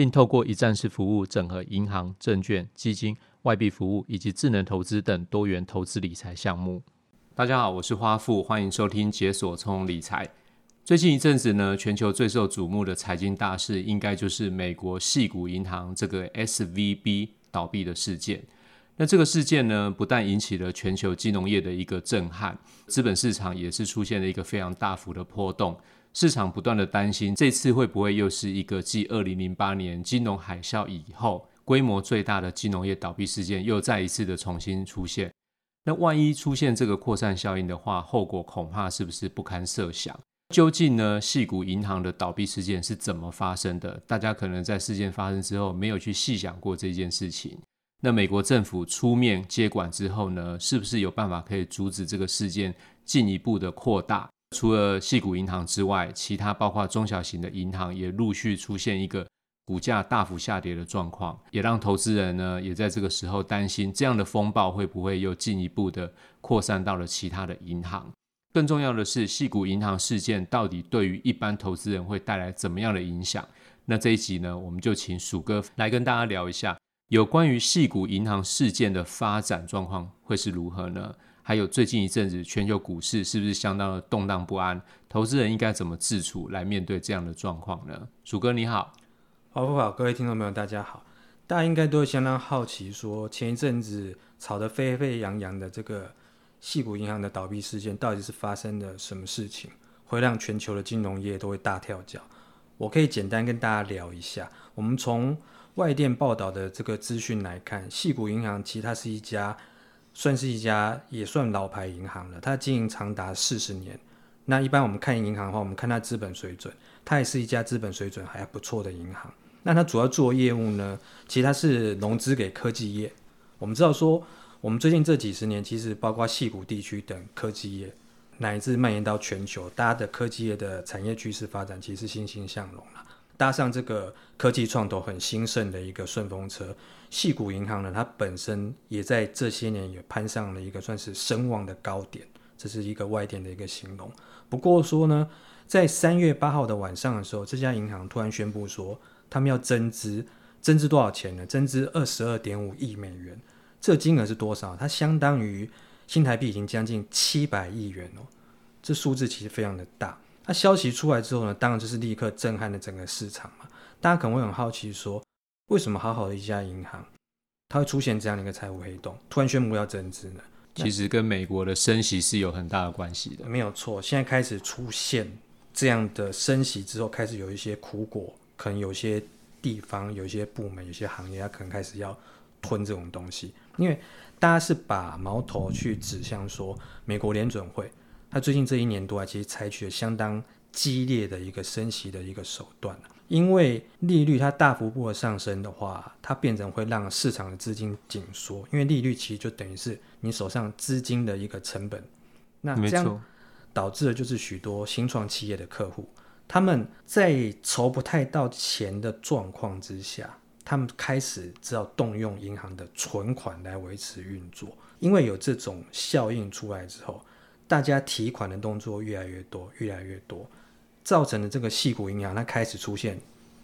並透過一站式服務整合銀行、證券、基金、外幣服務以及智能投資等多元投資理財項目。大家好，我是花父，歡迎收聽《解鎖金融理財》。最近一陣子呢，全球最受矚目的財經大事，應該就是美國矽谷銀行這個 SVB 倒閉的事件。那這個事件呢，不但引起了全球金融業的一個震撼，資本市場也是出現了一個非常大幅的波動。市場不斷的擔心，這次會不會又是一個繼二零零八年金融海嘯以後規模最大的金融業倒閉事件，又再一次的重新出現？那萬一出現這個擴散效應的話，後果恐怕是不是不堪設想？究竟呢，矽谷銀行的倒閉事件是怎麼發生的？大家可能在事件發生之後沒有去細想過這件事情。那美國政府出面接管之後呢，是不是有辦法可以阻止這個事件進一步的擴大？除了矽谷銀行之外，其他包括中小型的銀行也陸續出現一個股價大幅下跌的狀況，也讓投資人呢也在這個時候擔心，這樣的風暴會不會又進一步的擴散到了其他的銀行？更重要的是，矽谷銀行事件到底對於一般投資人會帶來怎麼樣的影響？那這一集呢，我們就請薯哥來跟大家聊一下，有關於矽谷銀行事件的發展狀況會是如何呢？還有最近一陣子，全球股市是不是相當的動盪不安？投資人應該怎麼自處來面對這樣的狀況呢？薯哥你好，好不好？各位聽眾朋友大家好，大家應該都會相當好奇說，說前一陣子炒得沸沸揚揚的這個矽谷銀行的倒閉事件，到底是發生了什麼事情，會讓全球的金融業都會大跳腳？我可以簡單跟大家聊一下。我們從外電報道的這個資訊來看，矽谷銀行其實是一家。算是一家也算老牌銀行了，它經營長達四十年。那一般我們看銀行的話，我們看它資本水準，它也是一家資本水準還還不錯的銀行。那它主要做業務呢？其實它是融資給科技業。我們知道說，我們最近這幾十年，其實包括矽谷地區等科技業，乃至蔓延到全球，大家的科技業的產業趨勢發展，其實是欣欣向榮了。搭上這個科技創投很興盛的一個順風車，矽谷銀行呢，它本身也在這些年也攀上了一個算是聲望的高點，這是一個外電的一個形容。不過說呢，在三月八號的晚上的時候，這家銀行突然宣布說，他們要增資，增資多少錢呢？增資二十二點五億美元，這個、金額是多少？它相當於新台幣已經將近七百億元哦，這數字其實非常的大。那、啊、消息出來之後呢，當然就是立刻震撼了整個市場嘛。大家可能會很好奇說，為什麼好好的一家銀行，它會出現這樣的一個財務黑洞，突然宣布要增資呢？其實跟美國的升息是有很大的關係的。沒有錯，現在開始出現這樣的升息之後，開始有一些苦果，可能有一些地方、有一些部門、有些行業，它可能開始要吞這種東西，因為大家是把矛頭去指向說美國聯準會。他最近這一年多啊，其實採取了相當激烈的一個升息的一個手段，啊、因為利率它大幅度的上升的話，啊，它變成會讓市場的資金緊縮。因為利率其實就等於是你手上資金的一個成本。那這樣導致的就是許多新創企業的客戶，他們在籌不太到錢的狀況之下，他們開始只好動用銀行的存款來維持運作。因為有這種效應出來之後。大家提款的動作越來越多，越來越多，造成的這個矽谷銀行，它開始出現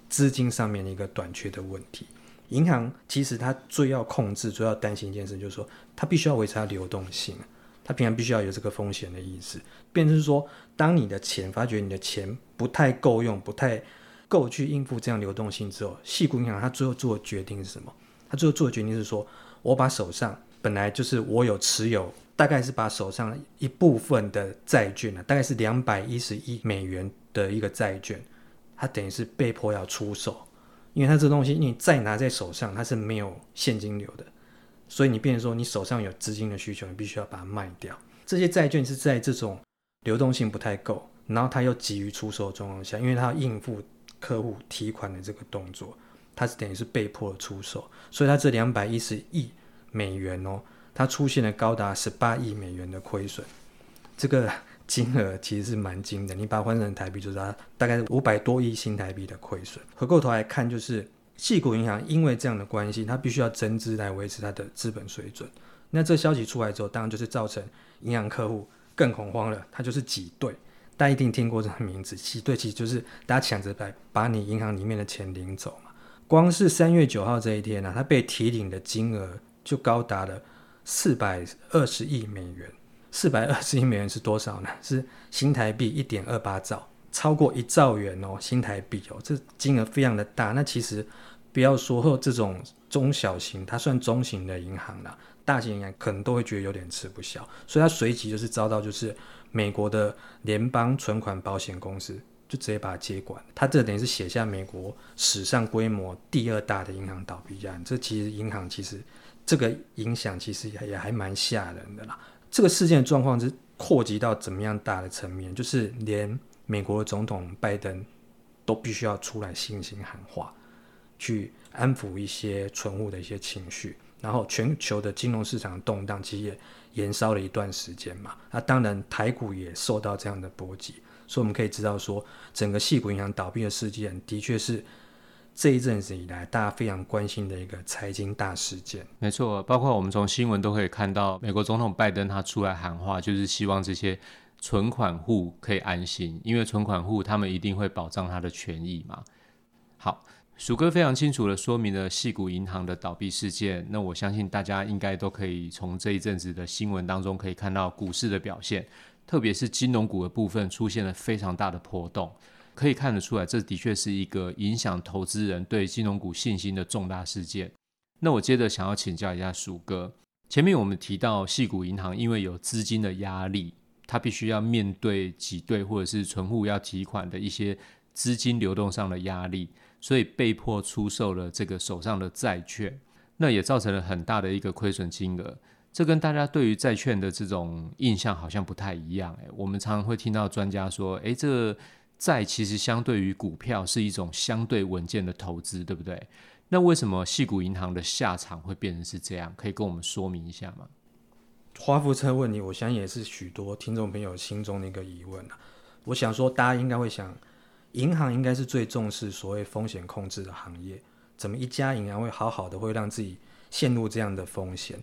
資金上面的一個短缺的問題。銀行其實它最要控制，最要擔心一件事，就是說它必須要維持它流動性，它平常必須要有這個風險的意思，變成是說，當你的錢發覺你的錢不太夠用，不太夠去應付這樣流動性之後，矽谷銀行它最後做的決定是什麼？它最後做的決定是說，我把手上本來就是我有持有。大概是把手上一部分的債券啊，大概是兩百一十億美元的一個債券，它等於是被迫要出手，因為它這東西你再拿在手上，它是沒有現金流的，所以你變成說你手上有資金的需求，你必須要把它賣掉。這些債券是在這種流動性不太夠，然後它又急於出手的狀況下，因為它要應付客戶提款的這個動作，它是等於是被迫出手，所以它這兩百一十億美元哦。它出現了高達十八億美元的虧損，這個金額其實是蠻驚人的。你把它換成台幣，就是它大概五百多億新台幣的虧損。回過頭來看，就是矽谷銀行因為這樣的關係，它必須要增資來維持它的資本水準。那這消息出來之後，當然就是造成銀行客戶更恐慌了，它就是擠兌。大家一定聽過這個名字，擠兌其實就是大家搶着來把你銀行裡面的錢領走嘛。光是三月九號這一天呢、啊，它被提領的金額就高達了，四百二十億美元，四百二十億美元是多少呢？是新台幣一點二八兆，超過一兆元哦，新台幣哦，這金額非常的大。那其實不要說、哦、這種中小型，它算中型的銀行了，大型銀行可能都會覺得有點吃不消，所以它隨即就是遭到就是美國的聯邦存款保險公司就直接把它接管，它這等於是寫下美國史上規模第二大的銀行倒閉案。這其實銀行其實。這個影響其實也還也還蠻嚇人的啦。這個事件的狀況是擴及到怎麼樣大的層面，就是連美國的總統拜登都必須要出來信心喊話，去安撫一些存戶的一些情緒。然後全球的金融市場動盪其實也延燒了一段時間嘛。那、啊、當然台股也受到這樣的波及，所以我們可以知道說，整個矽谷銀行倒閉的事件的確是。這一陣子以來，大家非常關心的一個財經大事件。沒錯，包括我們從新聞都可以看到，美國總統拜登他出來喊話，就是希望這些存款戶可以安心，因為存款戶他們一定會保障他的權益嘛。好，薯哥非常清楚地說明了矽谷銀行的倒閉事件。那我相信大家應該都可以從這一陣子的新聞當中可以看到股市的表現，特別是金融股的部分出現了非常大的波動。可以看得出來，這的確是一個影響投資人對金融股信心的重大事件。那我接着想要請教一下薯哥，前面我們提到矽谷銀行因為有資金的壓力，它必須要面對擠兌或者是存戶要提款的一些資金流動上的壓力，所以被迫出售了這個手上的債券，那也造成了很大的一個虧損金額。這跟大家對於債券的這種印象好像不太一樣誒。我們常常會聽到專家說，誒，這個。債其實相對於股票是一種相對穩健的投資，對不對？那為什麼矽谷銀行的下場會變成是這樣？可以跟我們說明一下嗎？花父車問題，我相信也是許多聽眾朋友心中的一個疑問、啊、我想說，大家應該會想，銀行應該是最重視所謂風險控制的行業，怎麼一家銀行、啊、會好好的會讓自己陷入這樣的風險？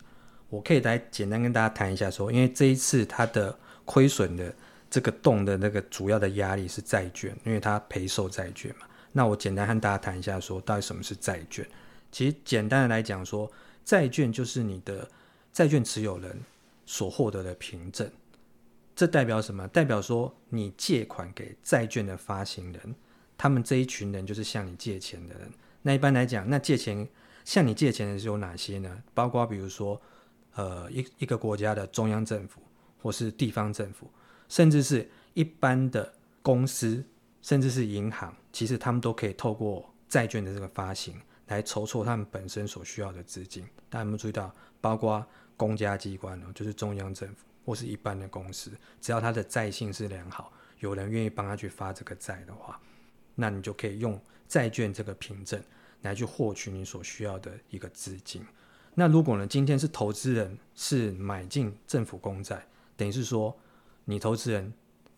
我可以來簡單跟大家談一下說，因為這一次它的虧損的。這個洞的那個主要的壓力是債券，因為它賠售債券嘛。那我簡單和大家談一下，說到底什麼是債券？其實簡單的來講說，說債券就是你的債券持有人所獲得的憑證。這代表什麼？代表說你借款給債券的發行人，他們這一群人就是向你借錢的人。那一般來講，那借錢向你借錢的是有哪些呢？包括比如說，呃，一一個國家的中央政府或是地方政府。甚至是一般的公司，甚至是銀行，其實他們都可以透過債券的這個發行來籌措他們本身所需要的資金。大家有沒有注意到？包括公家機關呢，就是中央政府或是一般的公司，只要它的債性是良好，有人願意幫他去發這個債的話，那你就可以用債券這個憑證來去獲取你所需要的一個資金。那如果呢，今天是投資人是買進政府公債，等於是說。你投資人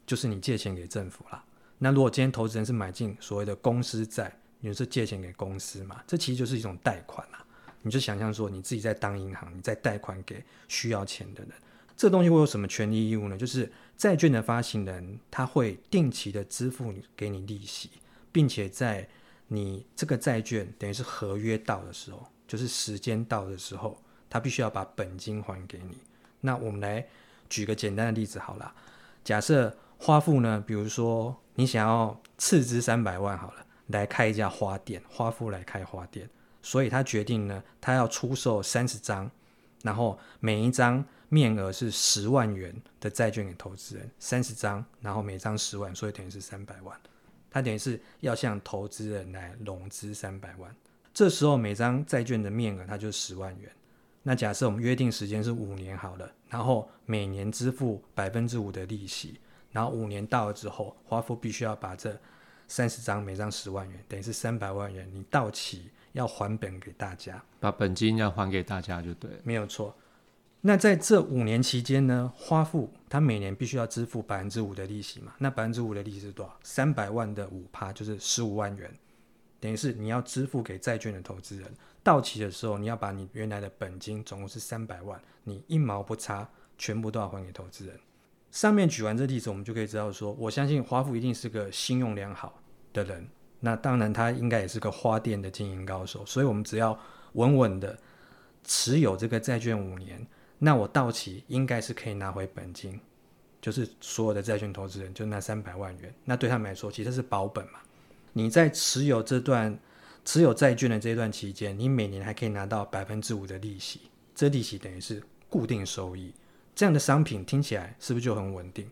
就是你借錢給政府啦。那如果今天投資人是買進所謂的公司債，你就是借錢給公司嘛，這其實就是一種貸款啦。你就想象說你自己在當銀行，你在貸款給需要錢的人，這東西會有什麼權利義務呢？就是債券的發行人他會定期的支付你、給你利息，並且在你這個債券等於是合約到的時候，就是時間到的時候，他必須要把本金還給你。那我們來。舉個簡單的例子好了，假設花父呢，比如說你想要斥資三百萬好了，來開一家花店，花父來開花店，所以他決定呢，他要出售三十張，然後每一張面額是十萬元的債券給投資人，三十張，然後每張十萬，所以等於是三百萬，他等於是要向投資人來融資三百萬，這時候每張債券的面額它就是十萬元。那假設我們約定時間是五年好了，然後每年支付百分之五的利息，然後五年到了之後，花父必須要把這三十張每張十萬元，等於是三百萬元，你到期要還本給大家，把本金要還給大家就對了，沒有錯。那在這五年期間呢，花父他每年必須要支付百分之五的利息嘛？那百分之五的利息是多少？三百萬的五趴就是十五萬元。等於是你要支付給債券的投資人到期的時候，你要把你原來的本金總共是三百萬，你一毛不差，全部都要還給投資人。上面舉完這例子，我們就可以知道說，我相信花父一定是個信用良好的人。那當然，他應該也是個花店的經營高手。所以，我們只要穩穩的持有這個債券五年，那我到期應該是可以拿回本金，就是所有的債券投資人就拿三百萬元。那對他們來說，其實是保本嘛。你在持有這段持有債券的這段期間，你每年還可以拿到百分之五的利息，這利息等於是固定收益。這樣的商品聽起來是不是就很穩定？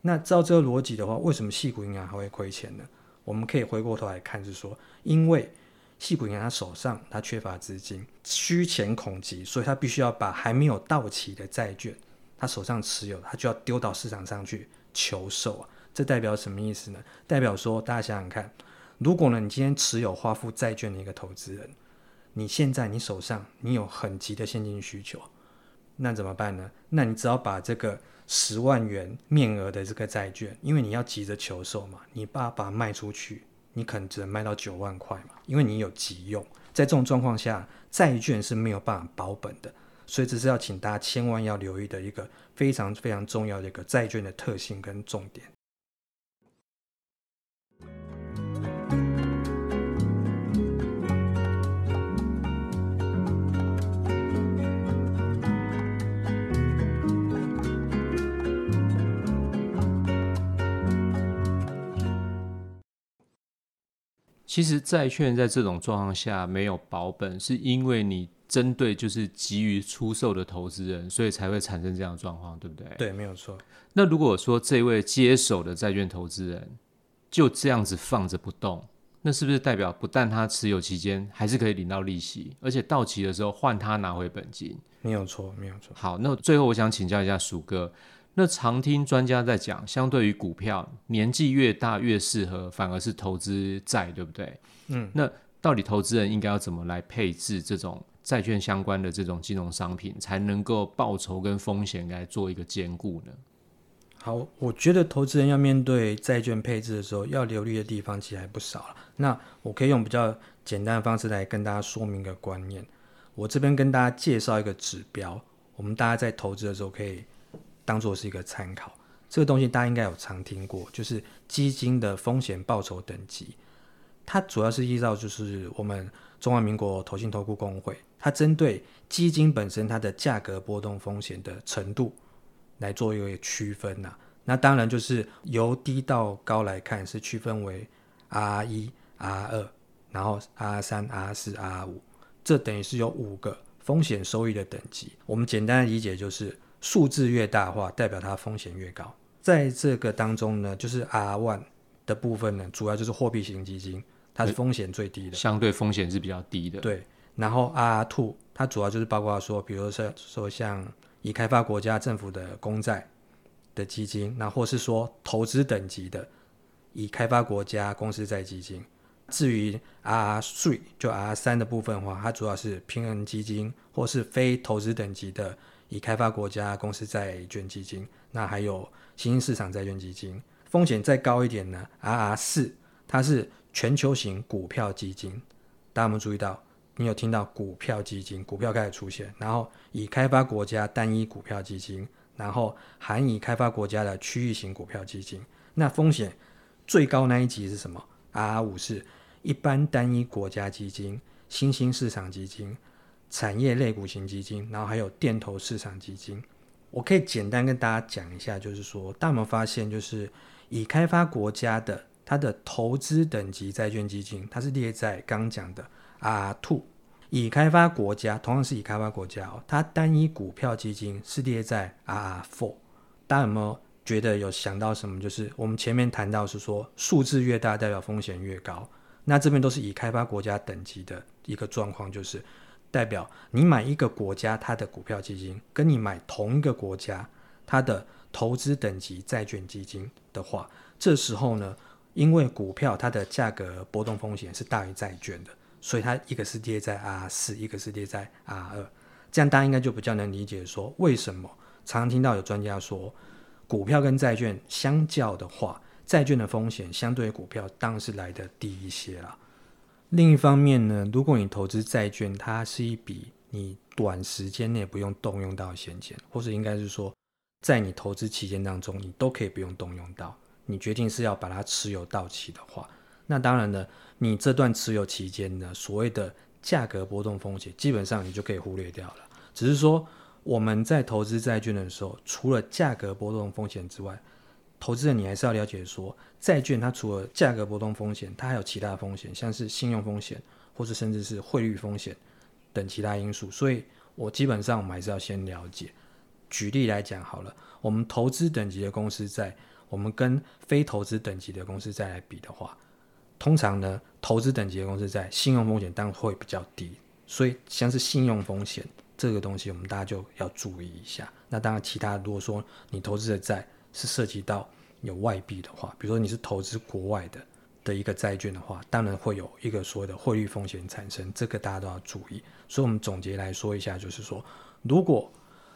那照這個邏輯的話，為什麼矽谷銀行還會虧錢呢？我們可以回過頭來看，是說因為矽谷銀行他手上他缺乏資金，需錢孔急，所以他必須要把還沒有到期的債券，他手上持有，他就要丟到市場上去求售啊。這代表什麼意思呢？代表說大家想想看。如果呢，你今天持有花父債券的一個投資人，你現在你手上你有很急的現金需求，那怎麼辦呢？那你只要把這個十萬元面額的這個債券，因為你要急着求售嘛，你把它賣出去，你可能只能賣到九萬塊嘛，因為你有急用。在這種狀況下，債券是沒有辦法保本的，所以這是要請大家千萬要留意的一個非常非常重要的一個債券的特性跟重點。其實債券在這種狀況下沒有保本，是因為你針對就是急於出售的投資人，所以才會產生這樣的狀況，對不對？對，沒有錯。那如果說這位接手的債券投資人就這樣子放着不動，那是不是代表不但他持有期間還是可以領到利息，而且到期的時候換他拿回本金？沒有錯，沒有錯。好，那最後我想請教一下薯哥。那常聽專家在講，相對於股票，年紀越大越適合，反而是投資債，對不對？嗯，那到底投資人應該要怎麼來配置這種債券相關的這種金融商品，才能夠報酬跟風險來做一個兼顧呢？好，我覺得投資人要面對債券配置的時候，要留意的地方其實還不少了。那我可以用比較簡單的方式來跟大家說明一個觀念。我這邊跟大家介紹一個指標，我們大家在投資的時候可以。當做是一個參考，這個東西大家應該有常聽過，就是基金的風險報酬等級，它主要是依照就是我們中華民國投信投顧公會，它針對基金本身它的價格波動風險的程度來做一個區分吶、啊。那當然就是由低到高來看，是區分為 R 一、R 二，然後 R 三、R 四、R 五，這等於是有五個風險收益的等級。我們簡單的理解就是。數字越大的話代表它風險越高。在這個當中呢，就是 R one 的部分呢，主要就是貨幣型基金，它是風險最低的，相對風險是比較低的。對，然後 R two 它主要就是包括說，比如說說像已開發國家政府的公債的基金，那或是說投資等級的已開發國家公司債基金。至於 R three 就 R 三的部分的話，它主要是平衡基金或是非投資等級的。以開發國家公司債券基金，那還有新興市場債券基金，風險再高一點呢？RR 四，R R 4, 它是全球型股票基金。大家有沒有注意到，你有聽到股票基金，股票開始出現，然後以開發國家單一股票基金，然後含以開發國家的區域型股票基金。那風險最高那一級是什麼？RR 五是一般單一國家基金、新興市場基金。產業類股型基金，然後還有電投市場基金，我可以簡單跟大家講一下，就是說，大家有沒有發現，就是已開發國家的它的投資等級債券基金，它是列在剛講的 RR2，已開發國家，同樣是已開發國家哦，它單一股票基金是列在 RR4，大家有沒有覺得有想到什麼？就是我們前面談到是說，數字越大代表風險越高，那這邊都是已開發國家等級的一個狀況，就是。代表你買一個國家它的股票基金，跟你買同一個國家它的投資等級債券基金的話，這時候呢，因為股票它的價格波動風險是大於債券的，所以它一個是跌在 R 四，一個是跌在 R 二，這樣大家應該就比較能理解說，為什麼常常聽到有專家說，股票跟債券相較的話，債券的風險相對於股票當然是來得低一些啦。另一方面呢，如果你投資債券，它是一筆你短時間內不用動用到的現金，或者應該是說，在你投資期間當中，你都可以不用動用到。你決定是要把它持有到期的話，那當然呢，你這段持有期間呢，所謂的價格波動風險，基本上你就可以忽略掉了。只是說，我們在投資債券的時候，除了價格波動風險之外，投資人，你還是要了解說，債券它除了價格波動風險，它還有其他的風險，像是信用風險，或者甚至是匯率風險等其他因素。所以，我基本上我們還是要先了解。舉例來講好了，我們投資等級的公司債我們跟非投資等級的公司債來比的話，通常呢，投資等級的公司債，信用風險當然會比較低。所以，像是信用風險這個東西，我們大家就要注意一下。那當然，其他如果說你投資的債，是涉及到有外幣的話，比如說你是投資國外的的一個債券的話，當然會有一個所謂的匯率風險產生，這個大家都要注意。所以，我們總結來說一下，就是說，如果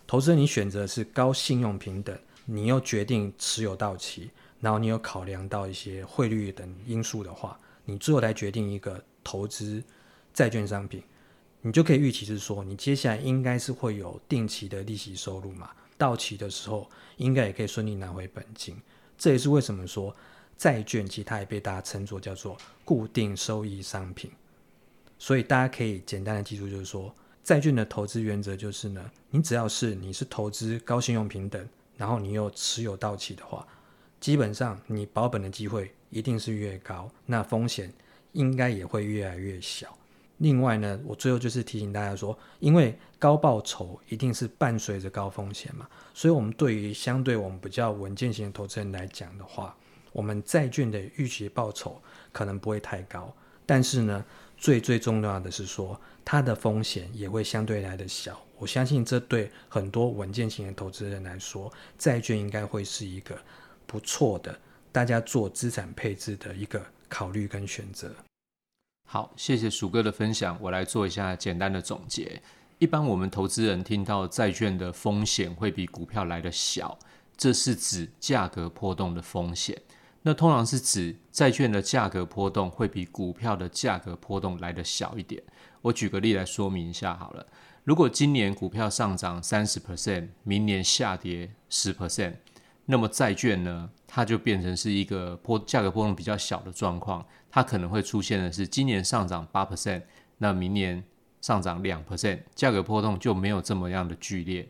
投資你選擇是高信用評等，你又決定持有到期，然後你有考量到一些匯率等因素的話，你最後來決定一個投資債券商品，你就可以預期是說，你接下來應該是會有定期的利息收入嘛。到期的時候，應該也可以順利拿回本金。這也是為什麼說債券其實它也被大家稱作叫做固定收益商品。所以大家可以簡單的記住就是說，債券的投資原則就是呢，你只要是你是投資高信用評等，然後你又持有到期的話，基本上你保本的機會一定是越高，那風險應該也會越來越小。另外呢，我最後就是提醒大家說，因為高報酬一定是伴隨着高風險嘛，所以我們對於相對我們比較穩健型的投資人來講的話，我們債券的預期的報酬可能不會太高，但是呢，最最重要的是說，它的風險也會相對來的小。我相信這對很多穩健型的投資人來說，債券應該會是一個不錯的大家做資產配置的一個考慮跟選擇。好，謝謝薯哥的分享。我來做一下簡單的總結。一般我們投資人聽到債券的風險會比股票來得小，這是指價格波動的風險。那通常是指債券的價格波動會比股票的價格波動來得小一點。我舉個例來說明一下好了。如果今年股票上漲30%，明年下跌10%，那麼債券呢？它就變成是一個波價格波動比較小的狀況，它可能會出現的是今年上漲八 percent，那明年上漲兩 percent，價格波動就沒有這麼樣的劇烈。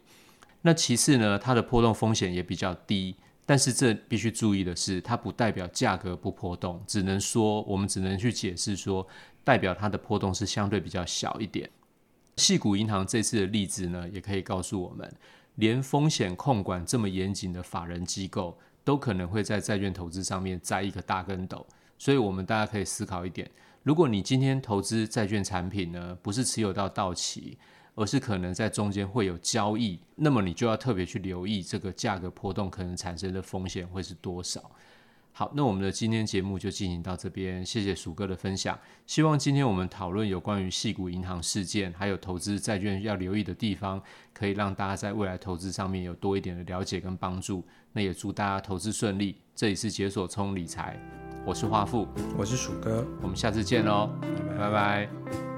那其次呢，它的波動風險也比較低。但是這必須注意的是，它不代表價格不波動，只能說我們只能去解釋說，代表它的波動是相對比較小一點。矽谷銀行這次的例子呢，也可以告訴我們，連風險控管這麼嚴謹的法人機構。都可能會在債券投資上面栽一個大跟斗，所以我們大家可以思考一點，如果你今天投資債券產品呢，不是持有到到期，而是可能在中間會有交易，那麼你就要特別去留意這個價格波動可能產生的風險會是多少。好，那我們的今天節目就進行到這邊，謝謝薯哥的分享。希望今天我們討論有關於矽谷銀行事件，還有投資債券要留意的地方，可以讓大家在未來投資上面有多一點的了解跟幫助。那也祝大家投資順利。這裡是解鎖充理財，我是花父，我是薯哥，我們下次見嘍，拜拜。拜拜